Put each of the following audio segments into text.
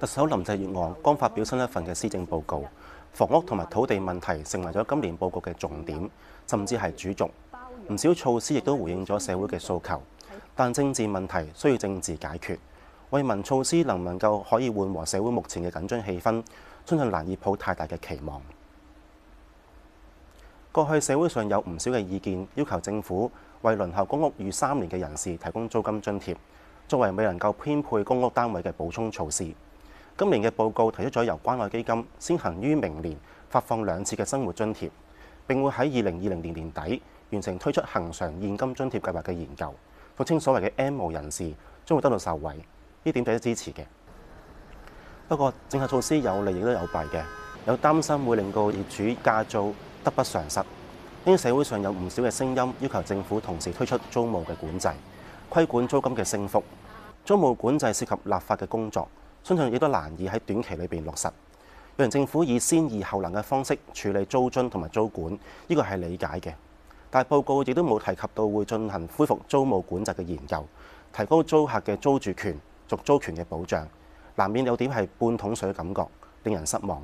特首林鄭月娥剛發表新一份嘅施政報告，房屋同埋土地問題成為咗今年報告嘅重點，甚至係主軸。唔少措施亦都回應咗社會嘅訴求，但政治問題需要政治解決。為民措施能唔能夠可以緩和社會目前嘅緊張氣氛，相信難以抱太大嘅期望。過去社會上有唔少嘅意見要求政府為輪候公屋逾三年嘅人士提供租金津貼，作為未能夠編配公屋單位嘅補充措施。今年嘅報告提出咗由關愛基金先行於明年發放兩次嘅生活津貼，並會喺二零二零年年底完成推出恒常現金津貼計劃嘅研究。俗稱所謂嘅 M 無人士將會得到受惠，呢點一支持嘅。不過，政策措施有利亦都有弊嘅，有擔心會令到業主加租得不償失。因、這個、社會上有唔少嘅聲音要求政府同時推出租務嘅管制，規管租金嘅升幅。租務管制涉及立法嘅工作。相信亦都難以喺短期裏邊落實。有人政府以先易後難嘅方式處理租津同埋租管，呢、這個係理解嘅。但係報告亦都冇提及到會進行恢復租務管制嘅研究，提高租客嘅租住權、續租權嘅保障，難免有點係半桶水嘅感覺，令人失望。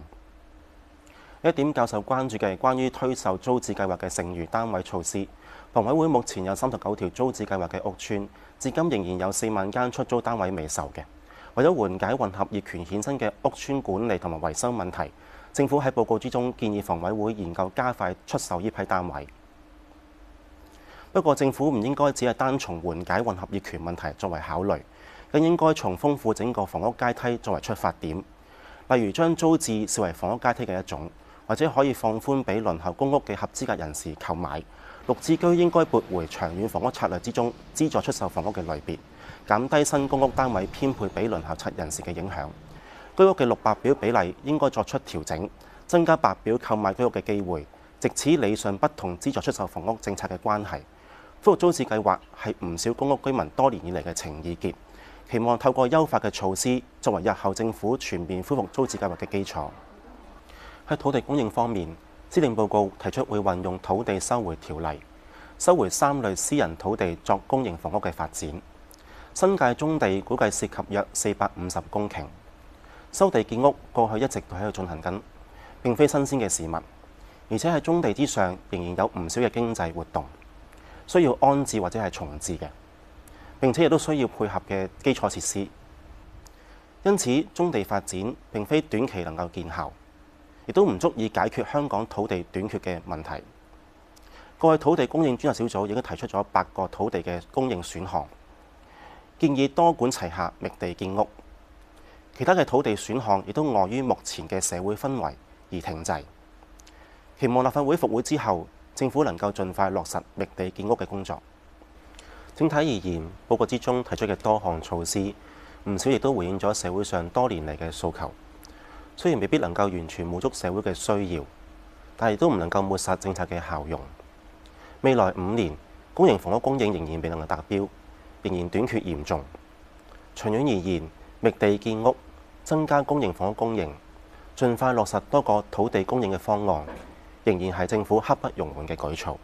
一點較受關注嘅係關於推售租置計劃嘅剩餘單位措施。房委會目前有三十九條租置計劃嘅屋邨，至今仍然有四萬間出租單位未售嘅。為咗緩解混合業權衍生嘅屋邨管理同埋維修問題，政府喺報告之中建議房委會研究加快出售呢批單位。不過，政府唔應該只係單從緩解混合業權問題作為考慮，更應該從豐富整個房屋階梯作為出發點，例如將租置視為房屋階梯嘅一種，或者可以放寬俾輪候公屋嘅合資格人士購買。綠置居應該撥回長遠房屋策略之中資助出售房屋嘅類別。減低新公屋單位編配比輪候七人士嘅影響，居屋嘅綠白表比例應該作出調整，增加白表購買居屋嘅機會，藉此理順不同資助出售房屋政策嘅關係。恢復租置計劃係唔少公屋居民多年以嚟嘅情意結，期望透過優化嘅措施，作為日後政府全面恢復租置計劃嘅基礎。喺土地供應方面，施政報告提出會運用土地收回條例，收回三類私人土地作供應房屋嘅發展。新界棕地估計涉及約四百五十公頃，收地建屋過去一直都喺度進行緊，並非新鮮嘅事物。而且喺棕地之上仍然有唔少嘅經濟活動需要安置或者係重置嘅，並且亦都需要配合嘅基礎設施。因此，棕地發展並非短期能夠見效，亦都唔足以解決香港土地短缺嘅問題。過去土地供應專責小組亦都提出咗八個土地嘅供應選項。建議多管齊下，覓地建屋。其他嘅土地選項亦都礙於目前嘅社會氛圍而停滯。期望立法會復會之後，政府能夠盡快落實覓地建屋嘅工作。整體而言，報告之中提出嘅多項措施，唔少亦都回應咗社會上多年嚟嘅訴求。雖然未必能夠完全滿足社會嘅需要，但亦都唔能夠抹殺政策嘅效用。未來五年，公營房屋供應仍然未能達標。仍然短缺嚴重。長遠而言，覓地建屋、增加公營房屋供應、盡快落實多個土地供應嘅方案，仍然係政府刻不容緩嘅舉措。